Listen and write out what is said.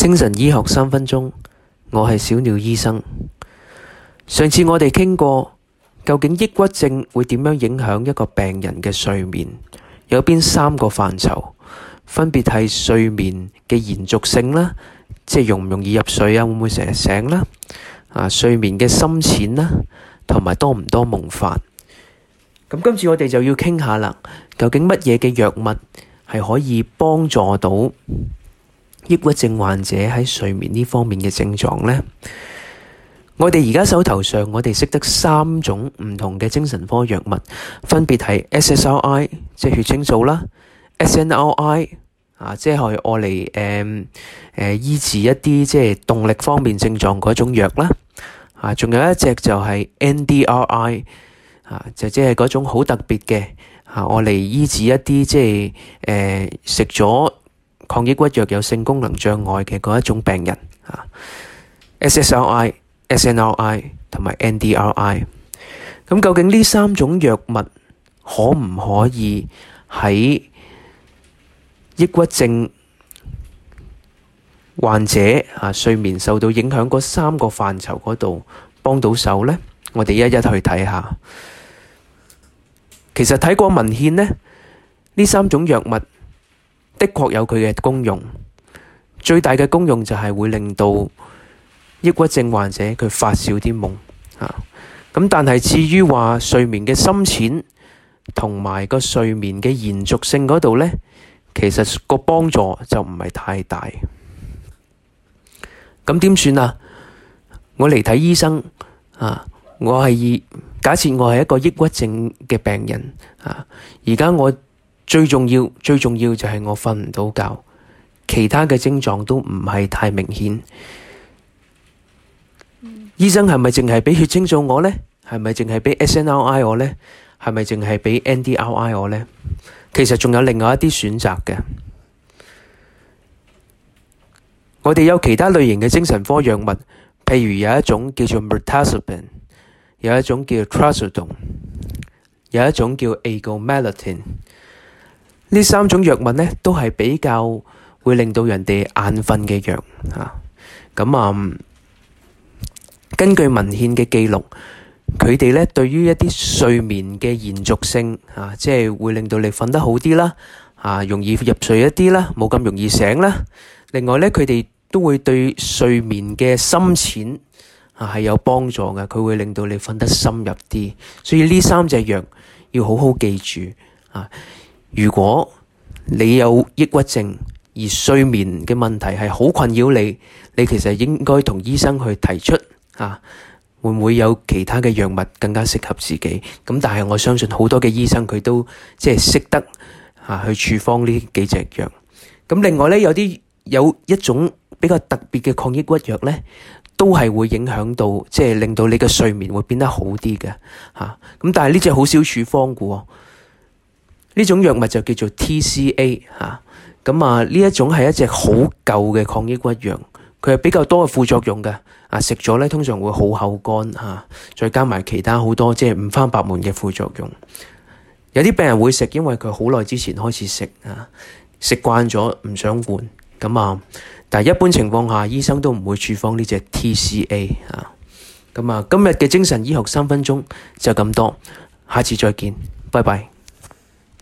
精神醫學三分鐘，我係小鳥醫生。上次我哋傾過，究竟抑鬱症會點樣影響一個病人嘅睡眠？有邊三個範疇？分別係睡眠嘅延續性啦，即係容唔容易入睡啊，會唔會成日醒啦？啊，睡眠嘅深淺啦，同埋多唔多夢煩。咁今次我哋就要傾下啦，究竟乜嘢嘅藥物係可以幫助到？抑鬱症患者喺睡眠呢方面嘅症狀呢，我哋而家手頭上，我哋識得三種唔同嘅精神科藥物，分別係 SSRI，即係血清素啦；SNRI，啊，即係我嚟誒誒醫治一啲即係動力方面症狀嗰種藥啦。啊，仲有一隻就係 NDRI，啊，就即係嗰種好特別嘅，啊，我嚟醫治一啲即係誒食咗。抗抑鬱藥有性功能障礙嘅嗰一種病人，啊，SSRI、SNRI 同埋 NDRI，咁究竟呢三種藥物可唔可以喺抑鬱症患者啊睡眠受到影響嗰三個範疇嗰度幫到手呢？我哋一一去睇下。其實睇過文獻呢，呢三種藥物。的確有佢嘅功用，最大嘅功用就係會令到抑鬱症患者佢發少啲夢啊。咁但係至於話睡眠嘅深淺同埋個睡眠嘅延續性嗰度咧，其實個幫助就唔係太大。咁點算啊？我嚟睇醫生啊！我係以假設我係一個抑鬱症嘅病人啊，而家我。最重要最重要就係我瞓唔到覺，其他嘅症狀都唔係太明顯。嗯、醫生係咪淨係畀血清素我呢？係咪淨係畀 SNRI 我呢？係咪淨係畀 NDRI 我呢？其實仲有另外一啲選擇嘅。我哋有其他類型嘅精神科藥物，譬如有一種叫做 Mirtazapine，有一種叫 Trazodone，有一種叫 Agomelatin。呢三種藥物呢，都係比較會令到人哋眼瞓嘅藥啊。咁、嗯、啊，根據文獻嘅記錄，佢哋咧對於一啲睡眠嘅延續性啊，即係會令到你瞓得好啲啦，啊，容易入睡一啲啦，冇咁容易醒啦、啊。另外呢，佢哋都會對睡眠嘅深淺啊係有幫助嘅，佢會令到你瞓得深入啲。所以呢三隻藥要好好記住啊。如果你有抑鬱症，而睡眠嘅問題係好困擾你，你其實應該同醫生去提出嚇、啊，會唔會有其他嘅藥物更加適合自己？咁但係我相信好多嘅醫生，佢都即係識得嚇、啊、去處方呢幾隻藥。咁、啊、另外咧，有啲有一種比較特別嘅抗抑鬱藥咧，都係會影響到，即係令到你嘅睡眠會變得好啲嘅嚇。咁、啊、但係呢隻好少處方嘅喎、哦。呢種藥物就叫做 T C A 吓、啊，咁啊呢一種係一隻好舊嘅抗抑鬱藥，佢係比較多嘅副作用嘅。啊食咗咧，通常會好口乾吓，再加埋其他好多即係五花八門嘅副作用。有啲病人會食，因為佢好耐之前開始食啊，食慣咗唔想換咁啊。但係一般情況下，醫生都唔會處方呢隻 T C A 吓、啊。咁啊，今日嘅精神醫學三分鐘就咁多，下次再見，拜拜。